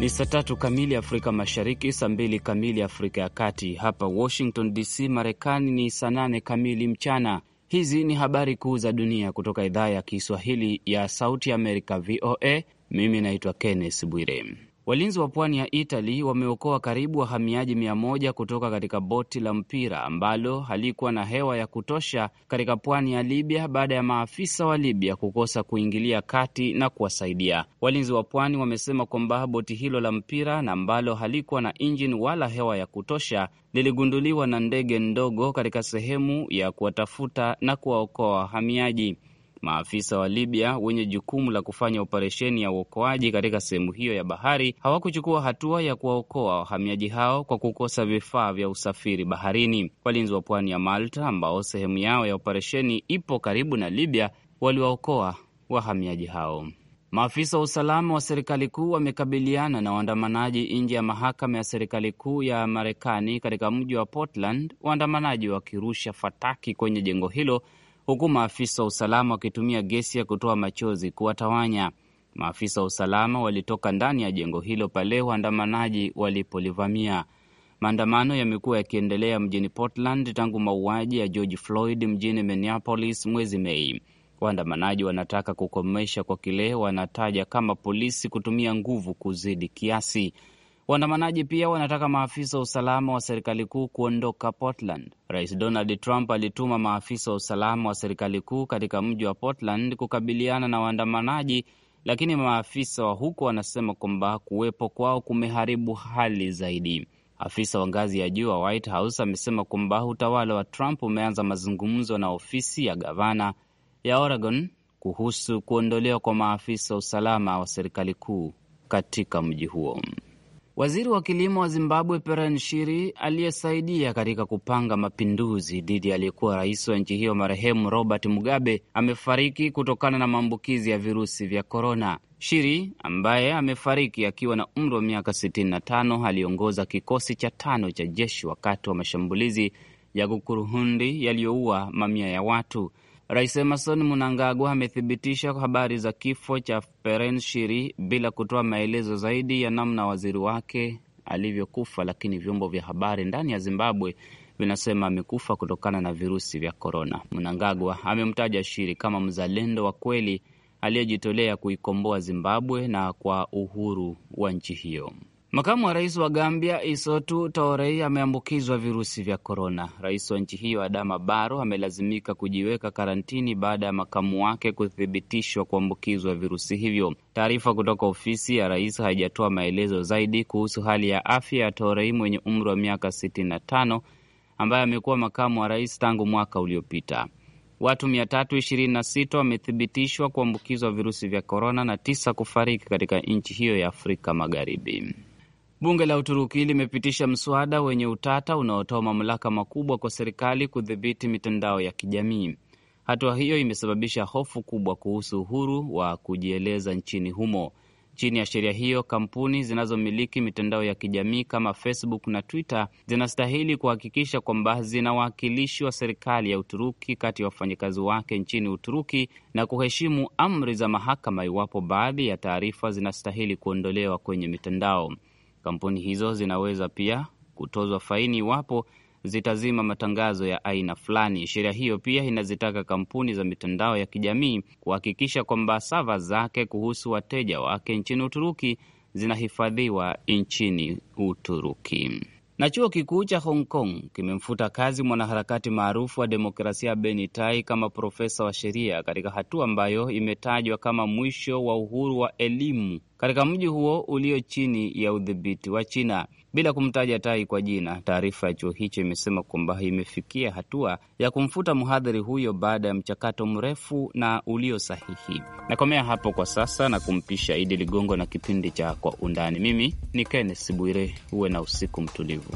Ni saa tatu kamili Afrika Mashariki, saa mbili kamili Afrika ya Kati. Hapa Washington DC, Marekani ni saa nane kamili mchana. Hizi ni habari kuu za dunia kutoka idhaa ya Kiswahili ya Sauti ya Amerika, VOA. Mimi naitwa Kenneth Bwire. Walinzi wa pwani ya Italy wameokoa karibu wahamiaji mia moja kutoka katika boti la mpira ambalo halikuwa na hewa ya kutosha katika pwani ya Libya baada ya maafisa wa Libya kukosa kuingilia kati na kuwasaidia. Walinzi wa pwani wamesema kwamba boti hilo la mpira na ambalo halikuwa na injini wala hewa ya kutosha liligunduliwa na ndege ndogo katika sehemu ya kuwatafuta na kuwaokoa wahamiaji. Maafisa wa Libya wenye jukumu la kufanya operesheni ya uokoaji katika sehemu hiyo ya bahari hawakuchukua hatua ya kuwaokoa wahamiaji hao kwa kukosa vifaa vya usafiri baharini. Walinzi wa pwani ya Malta ambao sehemu yao ya operesheni ipo karibu na Libya waliwaokoa wahamiaji hao. Maafisa wa usalama wa serikali kuu wamekabiliana na waandamanaji nje ya mahakama ya serikali kuu ya Marekani katika mji wa Portland, waandamanaji wakirusha fataki kwenye jengo hilo huku maafisa wa usalama wakitumia gesi ya kutoa machozi kuwatawanya. Maafisa wa usalama walitoka ndani ya jengo hilo pale waandamanaji walipolivamia. Maandamano yamekuwa yakiendelea mjini Portland tangu mauaji ya George Floyd mjini Minneapolis mwezi Mei. Waandamanaji wanataka kukomesha kwa kile wanataja kama polisi kutumia nguvu kuzidi kiasi. Waandamanaji pia wanataka maafisa wa usalama wa serikali kuu kuondoka Portland. Rais Donald Trump alituma maafisa wa usalama wa serikali kuu katika mji wa Portland kukabiliana na waandamanaji, lakini maafisa wa huko wanasema kwamba kuwepo kwao kumeharibu hali zaidi. Afisa wa ngazi ya juu wa White House amesema kwamba utawala wa Trump umeanza mazungumzo na ofisi ya gavana ya Oregon kuhusu kuondolewa kwa maafisa wa usalama wa serikali kuu katika mji huo. Waziri wa kilimo wa Zimbabwe Peren Shiri, aliyesaidia katika kupanga mapinduzi dhidi ya aliyekuwa rais wa nchi hiyo marehemu Robert Mugabe, amefariki kutokana na maambukizi ya virusi vya korona. Shiri ambaye amefariki akiwa na umri wa miaka 65 aliongoza kikosi cha tano cha jeshi wakati wa mashambulizi ya Kukuruhundi yaliyoua mamia ya watu. Rais emerson Mnangagwa amethibitisha habari za kifo cha Perenshiri bila kutoa maelezo zaidi ya namna waziri wake alivyokufa, lakini vyombo vya habari ndani ya Zimbabwe vinasema amekufa kutokana na virusi vya korona. Mnangagwa amemtaja Shiri kama mzalendo wa kweli aliyejitolea kuikomboa Zimbabwe na kwa uhuru wa nchi hiyo. Makamu wa rais wa Gambia Isotu Taorei ameambukizwa virusi vya korona. Rais wa nchi hiyo Adama Baro amelazimika kujiweka karantini baada ya makamu wake kuthibitishwa kuambukizwa virusi hivyo. Taarifa kutoka ofisi ya rais haijatoa maelezo zaidi kuhusu hali ya afya ya Taorei mwenye umri wa miaka 65 ambaye amekuwa makamu wa rais tangu mwaka uliopita. Watu 326 wamethibitishwa kuambukizwa virusi vya korona na tisa kufariki katika nchi hiyo ya Afrika Magharibi. Bunge la Uturuki limepitisha mswada wenye utata unaotoa mamlaka makubwa kwa serikali kudhibiti mitandao ya kijamii. Hatua hiyo imesababisha hofu kubwa kuhusu uhuru wa kujieleza nchini humo. Chini ya sheria hiyo, kampuni zinazomiliki mitandao ya kijamii kama Facebook na Twitter zinastahili kuhakikisha kwamba zina wawakilishi wa serikali ya Uturuki kati ya wafanyakazi wake nchini Uturuki na kuheshimu amri za mahakama iwapo baadhi ya taarifa zinastahili kuondolewa kwenye mitandao. Kampuni hizo zinaweza pia kutozwa faini iwapo zitazima matangazo ya aina fulani. Sheria hiyo pia inazitaka kampuni za mitandao ya kijamii kuhakikisha kwamba sava zake kuhusu wateja wake nchini Uturuki zinahifadhiwa nchini Uturuki na chuo kikuu cha Hong Kong kimemfuta kazi mwanaharakati maarufu wa demokrasia Beni Tai kama profesa wa sheria katika hatua ambayo imetajwa kama mwisho wa uhuru wa elimu katika mji huo ulio chini ya udhibiti wa China bila kumtaja Tai kwa jina. Taarifa ya chuo hicho imesema kwamba imefikia hatua ya kumfuta mhadhiri huyo baada ya mchakato mrefu na ulio sahihi. Nakomea hapo kwa sasa na kumpisha Idi Ligongo na kipindi cha Kwa Undani. Mimi ni Kenneth Bwire, uwe na usiku mtulivu.